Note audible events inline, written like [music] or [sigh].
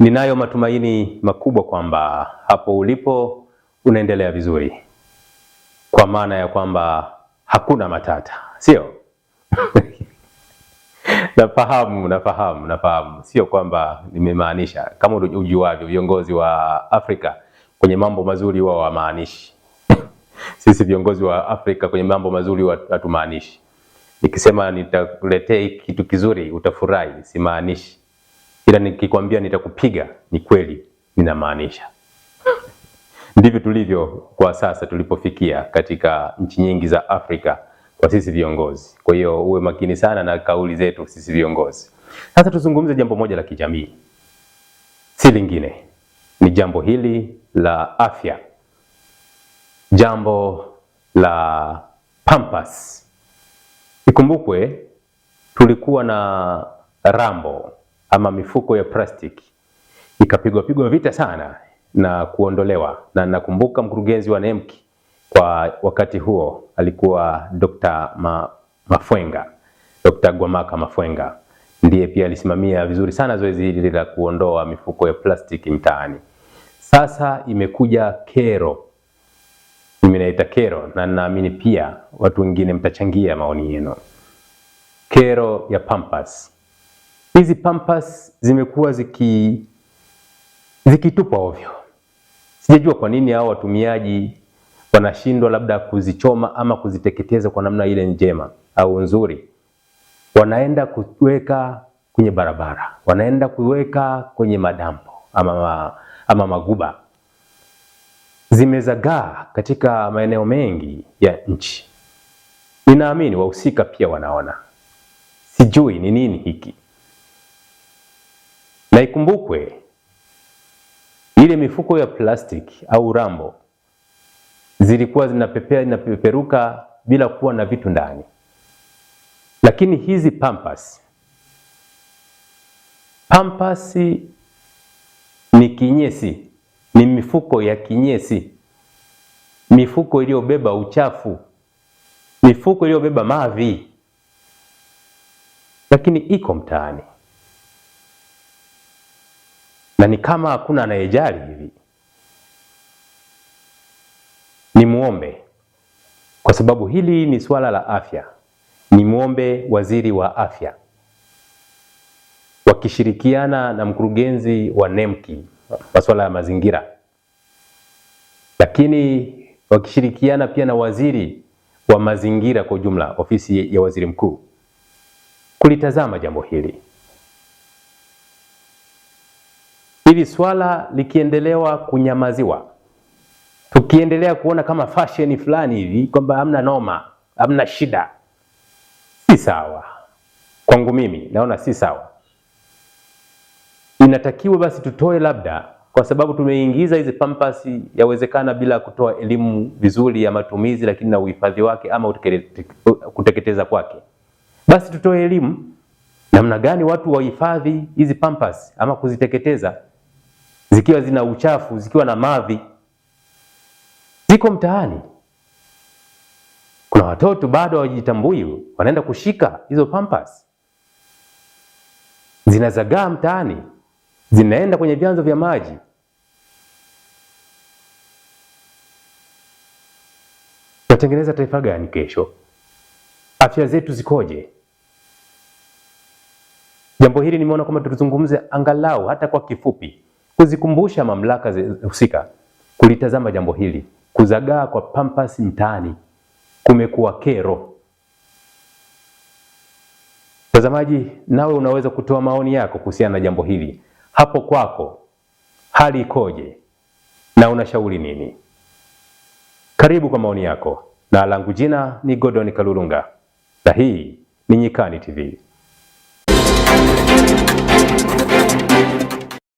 Ninayo matumaini makubwa kwamba hapo ulipo unaendelea vizuri, kwa maana ya kwamba hakuna matata, sio? [laughs] Nafahamu, nafahamu, nafahamu, sio kwamba nimemaanisha. Kama ujuavyo, viongozi wa Afrika kwenye mambo mazuri wao wamaanishi. [laughs] Sisi viongozi wa Afrika kwenye mambo mazuri hatumaanishi. Nikisema nitakuletea kitu kizuri utafurahi, simaanishi ila nikikwambia nitakupiga ni kweli ninamaanisha. Ah. Ndivyo tulivyo kwa sasa tulipofikia katika nchi nyingi za Afrika kwa sisi viongozi. Kwa hiyo uwe makini sana na kauli zetu sisi viongozi. Sasa tuzungumze jambo moja la kijamii, si lingine, ni jambo hili la afya, jambo la Pampas. Ikumbukwe tulikuwa na Rambo ama mifuko ya plastiki ikapigwa pigwa vita sana na kuondolewa, na nakumbuka mkurugenzi wa NEMKI kwa wakati huo alikuwa Dr. Ma, Mafwenga Dr. Gwamaka Mafwenga ndiye pia alisimamia vizuri sana zoezi hili la kuondoa mifuko ya plastiki mtaani. Sasa imekuja kero, mimi naita kero, na naamini pia watu wengine mtachangia maoni yenu, kero ya pampas hizi pampas zimekuwa ziki zikitupwa ovyo. Sijajua kwa nini hao watumiaji wanashindwa labda kuzichoma ama kuziteketeza kwa namna ile njema au nzuri. Wanaenda kuweka kwenye barabara, wanaenda kuweka kwenye madampo ama, ama maguba. Zimezagaa katika maeneo mengi ya nchi. Ninaamini wahusika pia wanaona, sijui ni nini hiki. Na ikumbukwe ile mifuko ya plastiki au rambo zilikuwa zinapepea inapeperuka bila kuwa na vitu ndani, lakini hizi pampas pampas ni kinyesi, ni mifuko ya kinyesi, mifuko iliyobeba uchafu, mifuko iliyobeba mavi, lakini iko mtaani na ni kama hakuna anayejali hivi, nimwombe kwa sababu hili ni suala la afya, nimwombe waziri wa afya wakishirikiana na mkurugenzi wa NEMKI masuala ya mazingira, lakini wakishirikiana pia na waziri wa mazingira kwa ujumla, ofisi ya waziri mkuu kulitazama jambo hili. Hili swala likiendelewa kunyamaziwa, tukiendelea kuona kama fashion fulani hivi kwamba hamna noma, hamna shida, si sawa. Kwangu mimi naona si sawa. Inatakiwa basi tutoe labda, kwa sababu tumeingiza hizi pampas, yawezekana bila kutoa elimu vizuri ya matumizi, lakini na uhifadhi wake ama kuteketeza kwake, basi tutoe elimu namna gani watu wahifadhi hizi pampas ama kuziteketeza zikiwa zina uchafu, zikiwa na mavi, ziko mtaani. Kuna watoto bado hawajitambui, wanaenda kushika hizo pampas, zinazagaa mtaani, zinaenda kwenye vyanzo vya maji. Tutengeneza taifa gani kesho? Afya zetu zikoje? Jambo hili nimeona kwamba tulizungumze angalau hata kwa kifupi kuzikumbusha mamlaka husika kulitazama jambo hili. Kuzagaa kwa pampas mtaani kumekuwa kero. Mtazamaji, nawe unaweza kutoa maoni yako kuhusiana na jambo hili. Hapo kwako hali ikoje na unashauri nini? Karibu kwa maoni yako, na langu jina ni Godoni Kalulunga na hii ni Nyikani TV.